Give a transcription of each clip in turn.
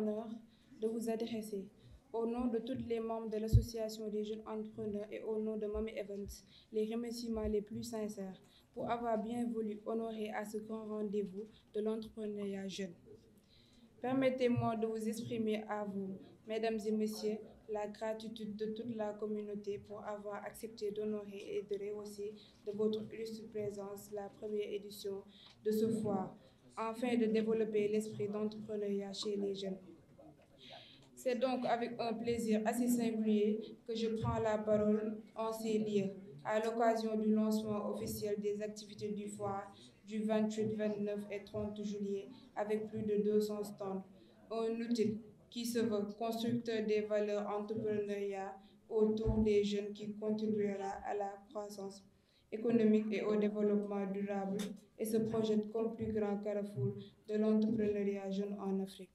l'honneur de vous adresser. Au nom de tous les membres de l'Association des jeunes entrepreneurs et au nom de Mami Events, les remerciements les plus sincères pour avoir bien voulu honorer à ce grand rendez-vous de l'entrepreneuriat jeune. Permettez-moi de vous exprimer à vous, mesdames et messieurs, la gratitude de toute la communauté pour avoir accepté d'honorer et de rehausser de votre illustre la première édition de ce foire. afin de développer l'esprit d'entrepreneuriat chez les jeunes. C'est donc avec un plaisir assez singulier que je prends la parole en ces lieux, à l'occasion du lancement officiel des activités du foire du 28, 29 et 30 avec plus de 200 stands. Un outil qui se veut constructeur des valeurs entrepreneuriales autour des jeunes qui contribuera à la croissance économique et au développement durable et se projette comme plus grand carrefour de l'entrepreneuriat jeune en Afrique.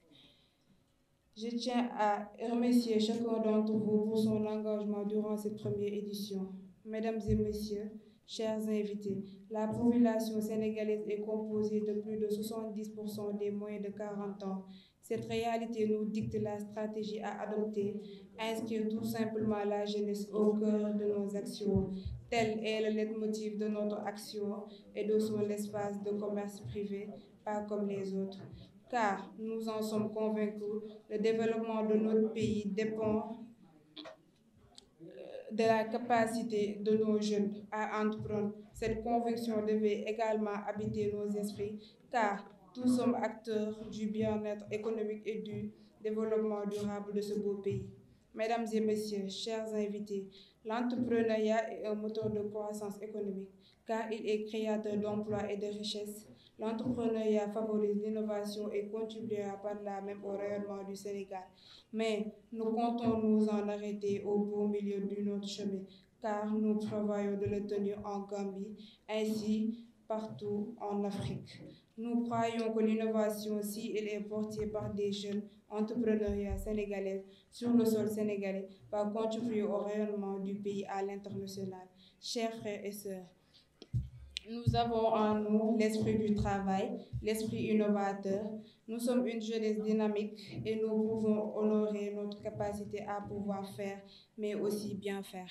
Je tiens à remercier chacun d'entre vous pour son engagement durant cette première édition. Mesdames et messieurs, chers invités, la population sénégalaise est composée de plus de 70% des moins de 40 ans. Cette réalité nous dicte la stratégie à adopter, inscrire tout simplement la jeunesse au cœur de nos actions. Tel est le leitmotiv de notre action et de son espace de commerce privé, pas comme les autres. Car nous en sommes convaincus, le développement de notre pays dépend euh, de la capacité de nos jeunes à entreprendre. Cette conviction devait également habiter nos esprits, car nous sommes acteurs du bien-être économique et du développement durable de ce beau pays. Mesdames et messieurs, chers invités, l'entrepreneuriat est un moteur de croissance économique car il est créateur d'emplois et de richesses. L'entrepreneuriat favorise l'innovation et contribuera par là même au rayonnement du Sénégal. Mais nous comptons nous en arrêter au beau milieu de notre chemin car nous travaillons de le tenir en Gambie, ainsi partout en Afrique. Nous croyons que l'innovation, si elle est portée par des jeunes entrepreneurs sénégalais sur le sol sénégalais, va contribuer au rayonnement du pays à l'international. Chers frères et sœurs, nous avons en nous l'esprit du travail, l'esprit innovateur. Nous sommes une jeunesse dynamique et nous pouvons honorer notre capacité à pouvoir faire, mais aussi bien faire.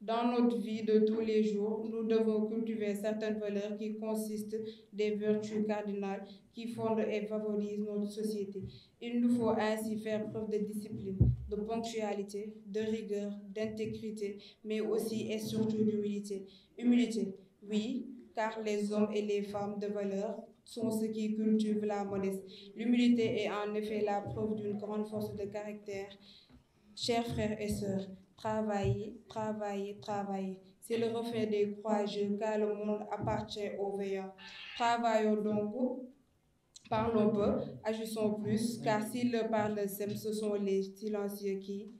Dans notre vie de tous les jours, nous devons cultiver certaines valeurs qui consistent des vertus cardinales qui fondent et favorisent notre société. Il nous faut ainsi faire preuve de discipline, de ponctualité, de rigueur, d'intégrité, mais aussi et surtout d'humilité. Humilité, oui, car les hommes et les femmes de valeur sont ceux qui cultivent la modestie. L'humilité est en effet la preuve d'une grande force de caractère. Chers frères et sœurs, Travailler, travailler, travailler. C'est le reflet des courageux car le monde appartient aux veilleurs. Travaillons donc, parlons peu, agissons plus car si le parle sème, ce sont les silencieux qui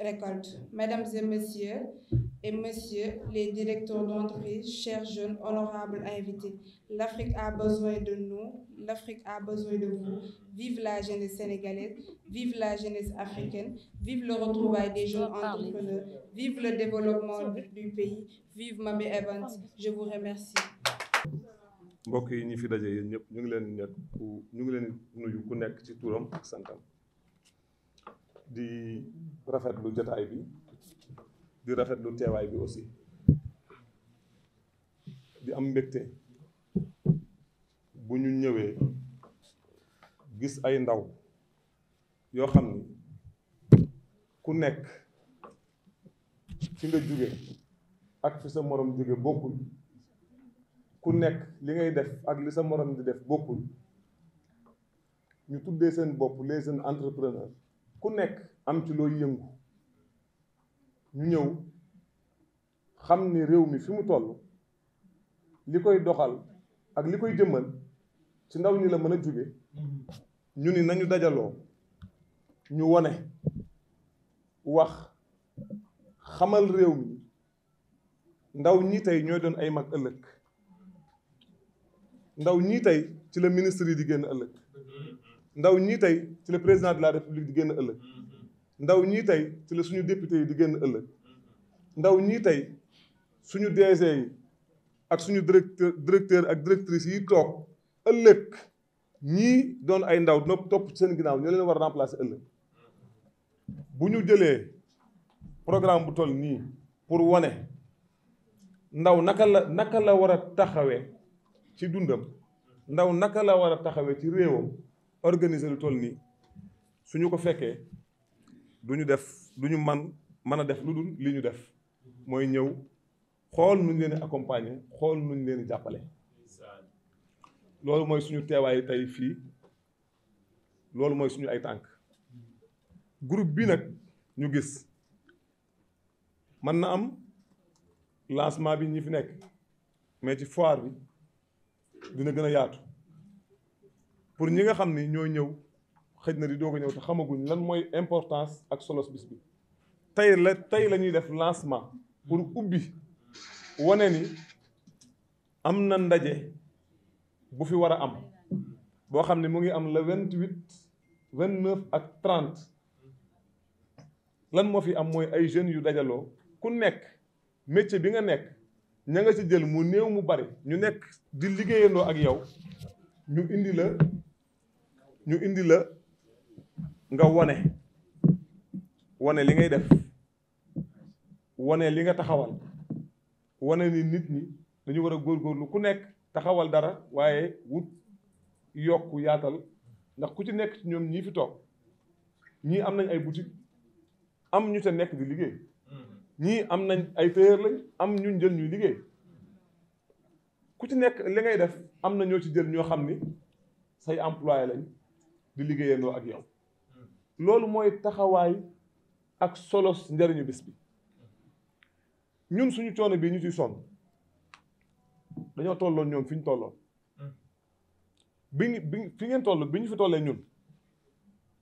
récoltent. Mesdames et messieurs, et messieurs les directeurs d'entreprise, chers jeunes honorables invités, l'Afrique a besoin de nous, l'Afrique a besoin de vous. Vive la jeunesse sénégalaise, vive la jeunesse africaine, vive le retrouvail des jeunes entrepreneurs, vive le développement du pays, vive Mame Evans. Je vous remercie. mbokk yi ñu fi daje yéen ñëpp ñu ngi leen nekk ñu ngi leen nuyu ku nekk ci turam ak santam di rafetlu jotaay bi. di rafetlu teewaay bi aussi di am mbégte bu ñu ñëwee gis ay ndaw yoo xam ni ku nekk ci nga jóge ak fi sa moroom jóge bokkul ku nekk li ngay def ak li sa morom di def bokkul ñu tuddee seen bopp les seen entrepreneurs ku nekk am ci looy yëngu ñu ñëw xam ni réew mi fi mu toll li koy doxal ak li koy jëmmal ci ndaw ñi la mën a jóge ñu ni nañu dajaloo ñu wone wax xamal réew mi ndaw ñii tey ñooy doon ay mag ëllëg ndaw ñii tey ci la ministre yi di génn ëllëg ndaw ñii tey ci la président de la république di génn ëllëg ndaw ñii tey ci la suñu député yi di génn ëllëg ndaw ñii tey suñu DG yi ak suñu directeur directeur ak directrice yi toog ëllëg ñii doon ay ndaw nopp topp seen ginnaaw ñu leen war a remplacer ëllëg bu ñu jëlee programme bu toll nii pour wane ndaw naka la naka la war a taxawee ci dundam ndaw naka la war a taxawee ci réewam organiser lu toll nii suñu ko fekkee du ñu def du ñu man mën a def lu dul li ñu def mooy ñëw xool nuñ leen di accompagner xool nuñ leen jàppale loolu mooy suñu teewaayu tey fii loolu mooy suñu ay tànk groupe bi nag ñu gis mën na am lancement bi ñi fi nekk mais ci foire bi dina gën a yaatu pour ñi nga xam ni ñoo ñëw xëj na di doog a ñëw te xamaguñ lan mooy importance ak solo bis bi tey la tey la ñuy def lancement pour ubbi wane ni am na ndaje bu fi war a am boo xam ne mu ngi am la vingt huit vingt neuf ak trent lan moo fi am mooy ay jeunes yu dajaloo ku nekk métier bi nga nekk ña nga ci jël mu néew mu bari ñu nekk di liggéeyandoo ak yow ñu indi la ñu indi la nga wone wone li ngay def wone li nga taxawal wone ni nit ñi dañu war a góor góorlu ku nekk taxawal dara waaye wut yokk yaatal ndax ku ci nekk ci ñoom ñii fi toog ñii am nañ ay boutique am ñu te nekk di liggéey ñii am nañ ay tailleur lañ am ñu jël ñuy liggéey ku ci nekk li ngay def am na ñoo ci jël ñoo xam ni say employé lañ di liggéeyandoo ak yow loolu mooy taxawaay ak solos njariñu bis bi ñun suñu coono bii ñu ci sonn dañoo tolloon ñoom fi ñu tolloon bi bi fi ngeen toll bi ñu fi tollee ñun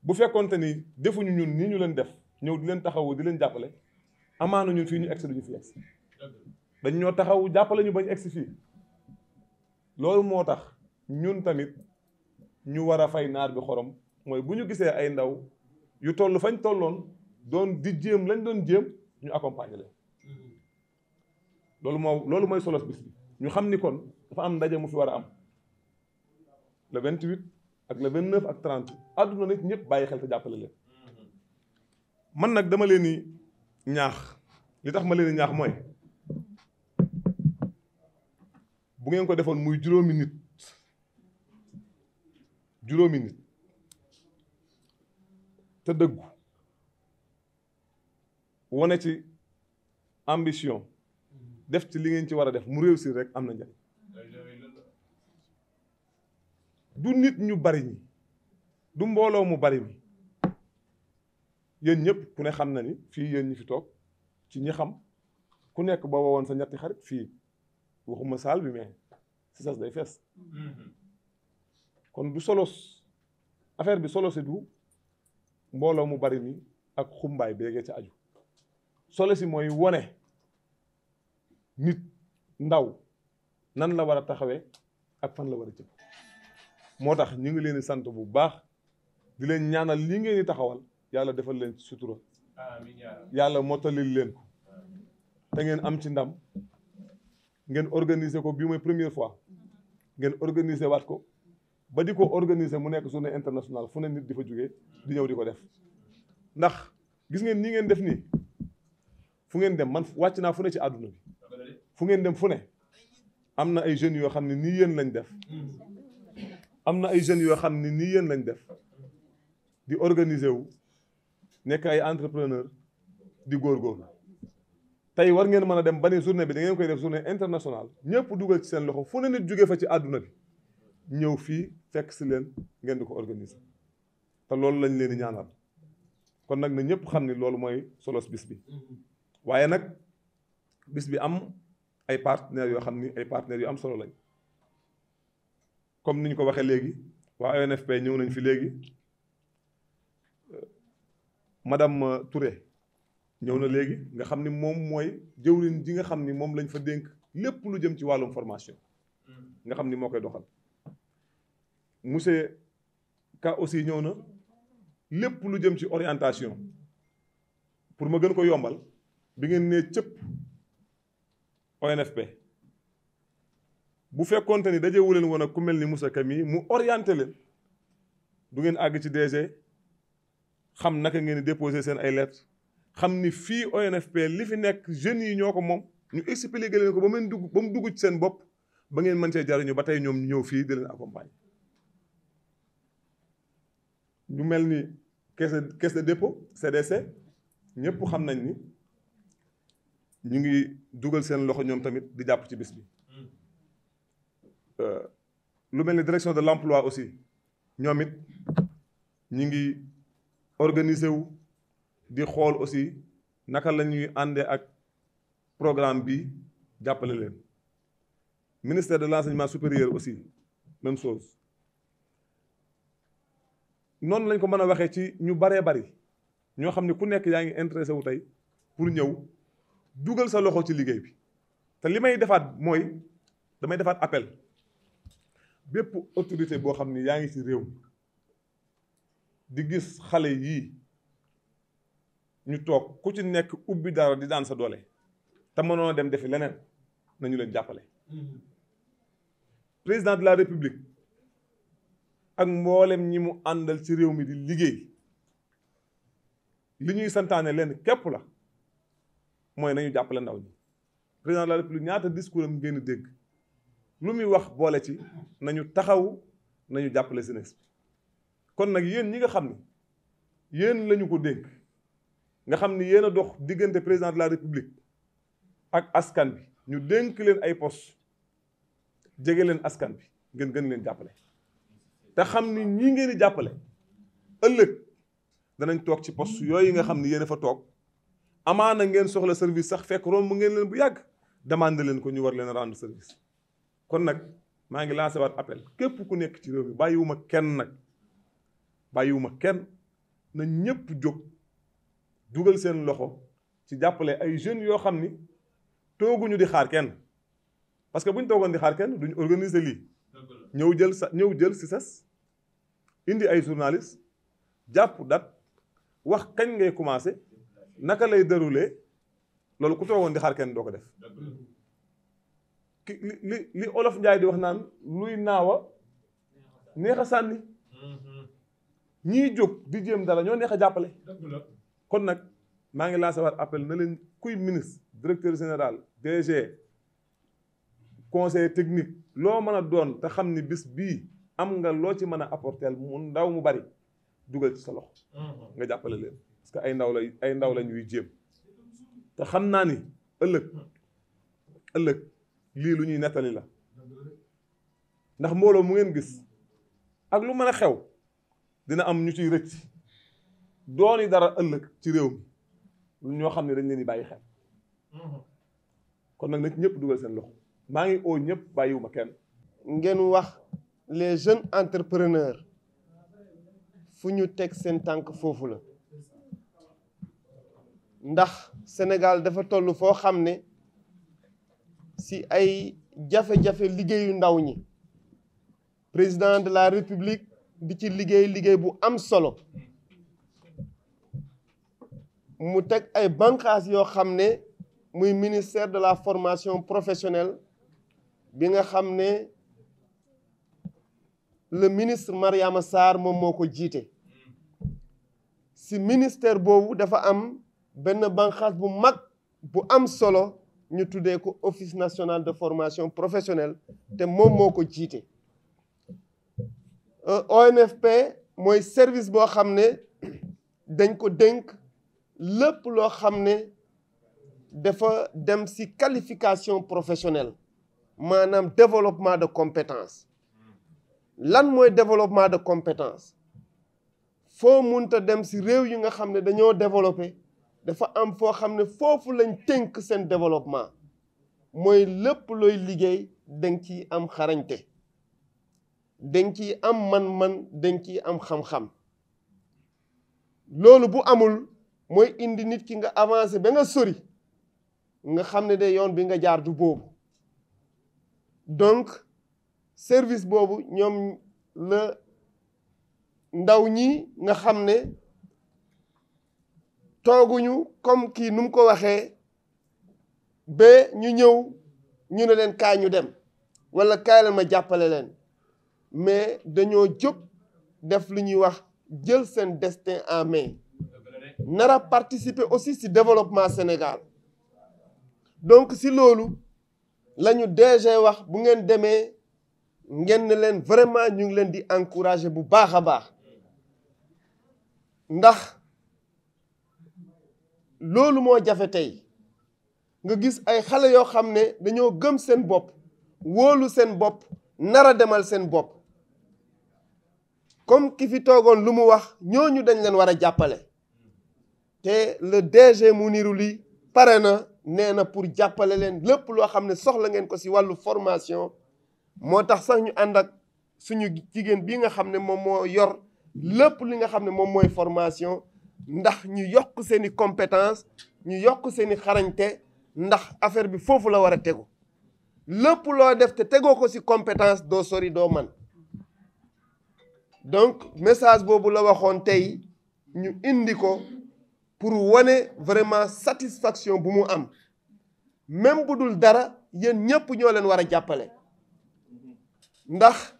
bu fekkonte ni defuñu ñun ni ñu leen def ñëw di leen taxawu di leen jàppale amaana ñun fii ñu egsi duñu fi egsi dañ ñoo taxawu jàppale ñu bañ egsi fii loolu moo tax ñun tamit ñu war a fay naar bi xorom mooy bu ñu gisee ay ndaw yu toll fañ tolloon doon di jéem lañ doon jéem ñu accompagner leen loolu moo loolu mooy solos bis bi ñu xam ni kon dafa am ndaje mu fi war a am le vingt huit ak le vingt neuf ak trente àdduna nit ñëpp bàyyi xel te jàppale leen man nag dama leen di ñaax li tax ma leen ñaax mooy bu ngeen ko defoon muy juróomi nit juróomi nit te dëggu wane ci ambition def ci li ngeen ci war a def mu réussir rek am na njariñ du nit ñu bari ñi du mbooloo mu bari mi yéen ñëpp ku ne xam na ni fii yéen ñi fi toog ci ñi xam ku nekk boo wowoon sa ñetti xarit fii waxuma saal bi mais si sas day fees mm-hmm. kon du solos affaire bi solo si du mbooloo mu bari mi ak xumbaay béegee ca aju solo si mooy wone nit ndaw nan la war a taxawee ak fan la war a jëm moo tax ñu ngi leen sant bu baax di leen ñaanal lii ngeen taxawal yàlla defal leen ci sutura yàlla mottalil leen ko te ngeen am ci ndam ngeen organiser ko bi mooy première fois ngeen organiser waat ko ba di ko organiser mu nekk journée internationale fu ne nit di fa juge di ñëw di ko def ndax gis ngeen nii ngeen def nii fu ngeen dem man wàcc naa fu ne ci àdduna bi fu ngeen dem fu ne am na ay jeunes yoo xam ne nii yéen lañ def am na ay jeunes yoo xam ne nii yéen lañ def di organiser wu nekk ay entrepreneur di góorgóorlu tey war ngeen mën a dem ba ne journée bi da ngeen koy def journée internationale ñëpp dugal ci seen loxo fu ne nit jógee fa ci àdduna bi ñëw fii fekk si leen ngeen di ko organise te loolu lañ leen di ñaanal kon nag na ñëpp xam ni loolu mooy solos bis bi waaye nag bis bi am ay partenaires yoo xam ni ay partenaires yu am solo lañ comme ni ñu ko waxee léegi waa ONFP ñëw nañ fi léegi euh, madame euh, Touré ñëw na léegi nga xam ni moom mooy jëwriñ ji nga xam ni moom lañ fa dénk lépp lu jëm ci wàllum formation hmm. nga xam ni moo koy doxal monsieur Ka aussi ñëw na lépp lu jëm ci orientation pour ma gën ko yombal bi ngeen nee cëpp ONFP bu fekkonte ni dajewu wuleen woon ak ku mel ni Moussa Kami mu orienté leen du ngeen àgg ci DG xam naka ngeen déposé seen ay lettres xam ni fii ONFP li fi nekk jeunes yi ñoo ko moom ñu expliqué leen ko ba mu dugg ba mu dugg ci seen bopp ba ngeen mën cee jariñu ba tey ñoom ñëw fii di leen accompagner. ñu mel ni caisse caisse de dépôt CDC ñëpp xam nañ ni ñu ngi dugal seen loxo ñoom tamit di jàpp ci bis bi. Euh, lu mel ni direction de l'emploi aussi ñoom it ñu ngi organiser wu di xool aussi naka la ñuy àndee ak programme bi jàppale leen ministère de l'enseignement supérieur aussi même chose. noonu lañ ko mën a waxee ci ñu baree bari ñoo xam ne ku nekk yaa ngi intéressé wu tey pour ñëw dugal sa loxo ci liggéey bi te li may defaat mooy damay defaat appel bépp autorité boo xam ne yaa ngi ci réew di gis xale yii ñu toog ku ci nekk ubbi dara di daan sa doole te mënoon dem defi leneen nañu leen jàppale mm-hmm. président de la république ak mbooleem ñi mu àndal ci réew mi di liggéey li ñuy santaane leen képp la mooy nañu jàppale ndaw ñi président de la république ñaata discours am ngeen dégg lu muy wax boole ci nañu taxaw nañu jàppale jeunesse bi kon nag yéen ñi nga xam ne yéen lañu ko dénk nga xam ni yéen a dox diggante président de la république ak askan bi ñu dénk leen ay poste jege leen askan bi ngeen gën leen jàppale te xam ni ñii ngeen di jàppale ëllëg danañ toog ci poste yooyu nga xam ni yéen a fa toog na ngeen soxla service sax fekk room mu ngeen leen bu yàgg demande leen ko ñu war leen rendre service. kon nag maa ngi lancé waat appel képp ku nekk ci réew mi bàyyiwuma kenn nag bàyyiwuma kenn na ñëpp jóg dugal seen loxo ci jàppale ay jeunes yoo xam ni tooguñu di xaar kenn parce que buñ toogoon di xaar kenn duñ organiser lii. ñëw jël sa ñëw jël si ses indi ay journaliste jàpp dat wax kañ ngay commencé naka lay déroulé loolu ku toogoon di xaar kenn doo ko def ki li li olof njaay di wax naan luy naawa neex a sànni ñiy jóg di jéem dara ñoo neex a jàppale kon nag maa ngi lancé war appel na leen kuy ministre directeur général DG conseil technique loo mën a doon te xam ni bis bii am nga loo ci mën a apporter mu ndaw mu bari dugal ci sa loxo. Mm-hmm. nga jàppale leen parce que ay ndaw la ay ndaw la ñuy jéem. te xam naa ni ëllëg ëllëg lii lu ñuy nettali la ndax mbooloo mu ngeen gis ak lu mën a xew dina am ñu ciy rëcc dooni dara ëllëg ci réew mi ñoo xam ne dañ leen di bàyyi xel mm-hmm. kon nag na ci ñëpp dugal seen loxo. maa ngi oo ñëpp bàyyiwuma kenn. ngeen wax les jeunes entrepreneurs fu ñu teg seen tànk foofu la ndax Sénégal dafa toll foo xam ne si ay jafe-jafe liggéeyu ndaw ñi président de la république di ci liggéey liggéey bu am solo mu teg ay bànqaas yoo xam ne muy ministère de la formation professionnelle. bi nga xam ne le ministre Mariama Sarr moom moo ko jiite si ministère boobu dafa am benn banqaas bu mag bu am solo ñu tuddee ko office nationale de formation professionnelle te moom moo ko jiite euh, OMFP mooy service boo xam ne dañ ko dénk lépp loo xam ne dafa dem si qualification professionnelle maanaam développement de compétence lan mooy développement de compétence foo munta dem si réew yi nga xam ne dañoo développé dafa am foo xam ne foofu lañ tënk seen développement mooy lépp looy liggéey danga ci am xarañte danga ci am man-man danga ci am xam-xam loolu bu amul mooy indi nit ki nga avancé ba nga sori nga xam ne de yoon bi nga jaar du boobu donc service boobu ñoom la ndaw ñi nga xam ne tooguñu comme kii nu mu ko waxee ba ñu ñëw ñu ne leen kaay ñu dem wala kaay leen ma jàppale leen mais dañoo jóg def lu ñuy wax jël seen destin en main nara participer aussi ci développement Sénégal donc si loolu lañu DG wax bu ngeen demee ngeen ne leen vraiment ñu ngi leen di encourager bu baax a baax ndax loolu moo jafe tey nga gis ay xale yoo xam ne dañoo gëm seen bopp wóolu seen bopp nar a demal seen bopp comme ki fi toogoon lu mu wax ñooñu dañ leen war a jàppale te le mu niru Ly pare na nee na pour jàppale leen lépp loo xam ne soxla ngeen ko si wàllu formation moo tax sax ñu ànd ak suñu jigéen bi nga xam ne moom moo yor lépp li nga xam ne moom mooy formation ndax ñu yokk seen i compétence ñu yokk seen i xarañte ndax affaire bi foofu la war a tegu lépp loo def te tegoo ko si compétence doo sori doo man donc message boobu la waxoon tey ñu indi ko pour wane vraiment satisfaction bu mu am même bu dul dara yéen ñëpp ñoo leen war a jàppale ndax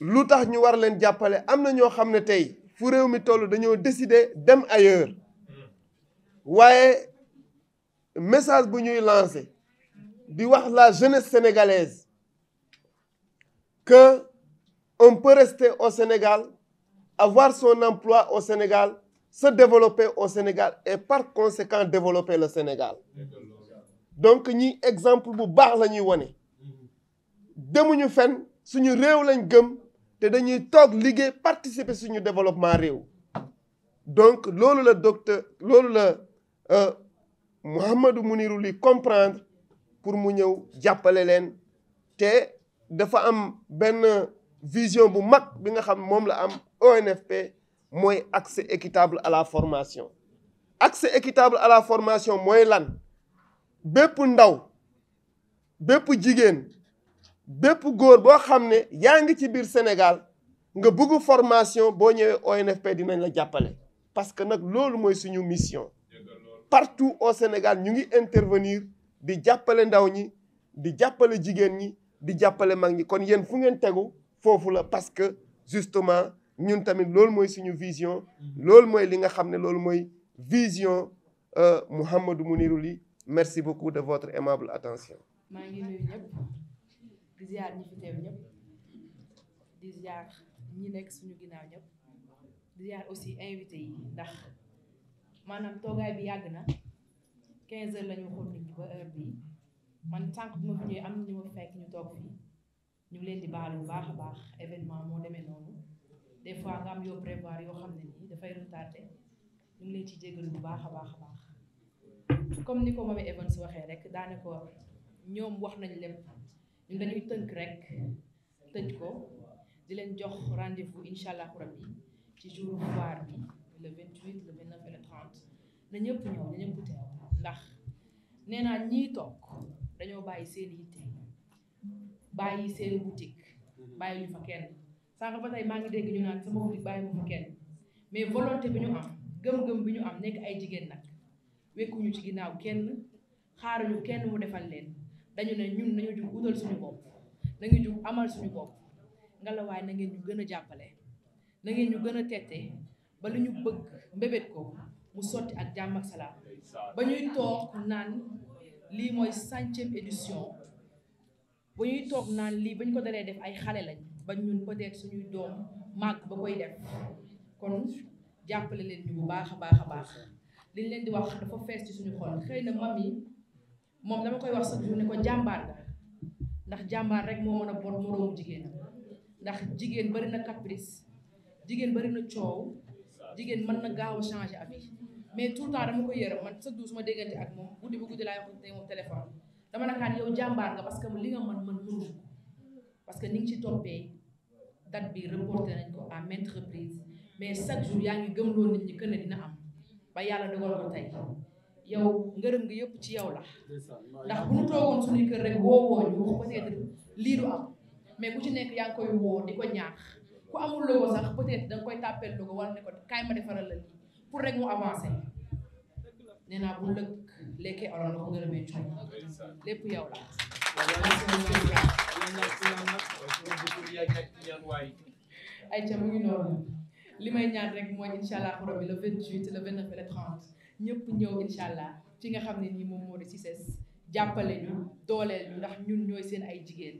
lu tax ñu war leen jàppale am na ñoo xam ne tey fu réew mi toll dañoo décider dem ailleurs waaye message bu ñuy lancer di wax la jeunesse sénégalaise que on peut rester au Sénégal avoir son emploi au Sénégal se développer au Sénégal et par conséquent développer la Sénégal donc ñi exemple bu baax la ñuy wane demuñu fenn suñu réew lañ gëm te dañuy toog liggéey participer suñu développement réew donc loolu la docteur loolu la euh, Mouhamadou Mounirou li comprendre pour mu ñëw jàppale leen te dafa am benn vision bu mag bi nga xam moom la am ONFP mooy accès équitable à la formation accès équitable à la formation mooy lan bépp ndaw bépp jigéen bépp góor boo xam ne yaa ngi ci biir Sénégal nga bëgg formation boo ñëwee ONFP dinañ la jàppale parce que nag loolu mooy suñu mission partout au Sénégal ñu ngi intervenir di jàppale ndaw ñi di jàppale jigéen ñi di jàppale mag ñi kon yéen fu ngeen tegu foofu la parce que justement ñun tamit loolu mooy suñu vision loolu mooy li nga xam ne loolu mooy vision euh, Mouhamadou Mounirou Ly merci beaucoup de votre aimable attention maa ngi nuyu ñëpp di ziar ñi fi ñëpp di ziar ñi nekk suñu ginnaaw ñëpp di ziar aussi invité yi ndax maanaam toogaay bi yàgg na quinze heures la ñu ba heure bii man tànk bu fi ñëwee am na ñu ma fekk ñu toog fii ñu ngi leen di baal bu baax a baax événement moo demee noonu des fois nga am yoo prévoir yoo xam ne nii dafay retardé ñu ngi leen ci jégalu bu baax a baax a baax comme ni ko Mamy Evans waxee rek daane ko ñoom wax nañ lépp ñun dañuy tënk rek tëj ko di leen jox rendez-vous incha allah rabbi ci jour foire bi le le 29 et le 30 na ñëpp ñëw na ñëpp teew ndax nee naa ñii toog dañoo bàyyi seen yitte bàyyi seen boutique bàyyi ñu fa kenn. sànq ba tay maa ngi dégg ñu naan sama boutique bàyyi ma kenn mais volonté bi ñu am gëm-gëm bi ñu am nekk ay jigéen nag wekkuñu ci ginnaaw kenn xaaruñu kenn mu defal leen dañu ne ñun nañu jug utal suñu bopp nañu jug amal suñu bopp ngalawaay na ngeen ñu gën a jàppale na ngeen ñu gën a tette ba lu ñu bëgg mbébét ko mu sotti ak jàmm ak salaam ba ñuy toog naan lii mooy cinquième édition ba ñuy toog naan lii ba ñu ko dalee def ay xale lañ ba ñun peut-être suñuy doom màgg ba koy def kon jàppale leen ñu bu baax a baax a baax liñ leen di wax dafa fees ci suñu xol xëy na mam yi moom dama koy wax chaque ne ko jàmbaar ndax jàmbaar rek moo mën a bon moroomu jigéenam ndax jigéen bari na caprice jigéen bari na coow jigéen mën na gaaw a changer avis mais tout le temps dama ko yërëm man chaque jour ma déggante ak moom guddi bu guddi laay wax nga parce que li nga mën mën mënu parce que ni ngi ci toppee date bi reporté nañ ko à maintes reprises mais chaque jour yaa ngi gëmloo nit ñi que ne dina am ba yàlla dogal ko tey yow ngërëm gi yëpp ci yow la ndax bu ñu toogoon suñuy kër rek woo woo ñu peut-être lii du am mais ku ci nekk yaa ngi koy woo di ko ñaax ku amul logo sax peut-être da nga koy tàppeel logo wala ne ko kaay ma defaral la lii pour rek mu avancé nee naa bu lëkk lekkee olof la ko ngërëmee coono lépp yow la. ay ca mu ngi noonu li may ñaan rek mooy incha allah rabbi le 28 le 29 le 30 ñëpp ñëw incha allah fi nga xam ne nii moom moo di ses jàppale ñu dooleel ñu ndax ñun ñooy seen ay jigéen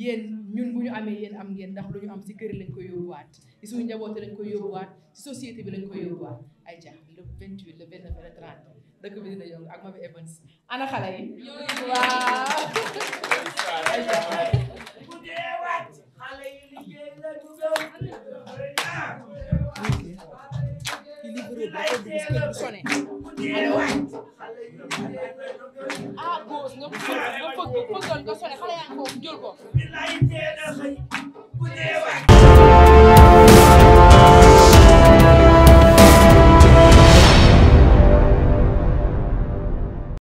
yéen ñun bu ñu amee yéen am ngeen ndax lu ñu am si kër lañ koy yóbbuwaat si suñu njabooti lañ koy yóbbuwaat si société bi lañu koy yóbbuwaat ay ca le 28 le 29 le 30. dëkk bi dina yëngu ak Mamy Evans ana xale yi. waaw. bu dee waat xale yi liggéey la dugal. ah góor nga bëgg nga bëggoon nga sonné xale yaa ngi foofu jël ko.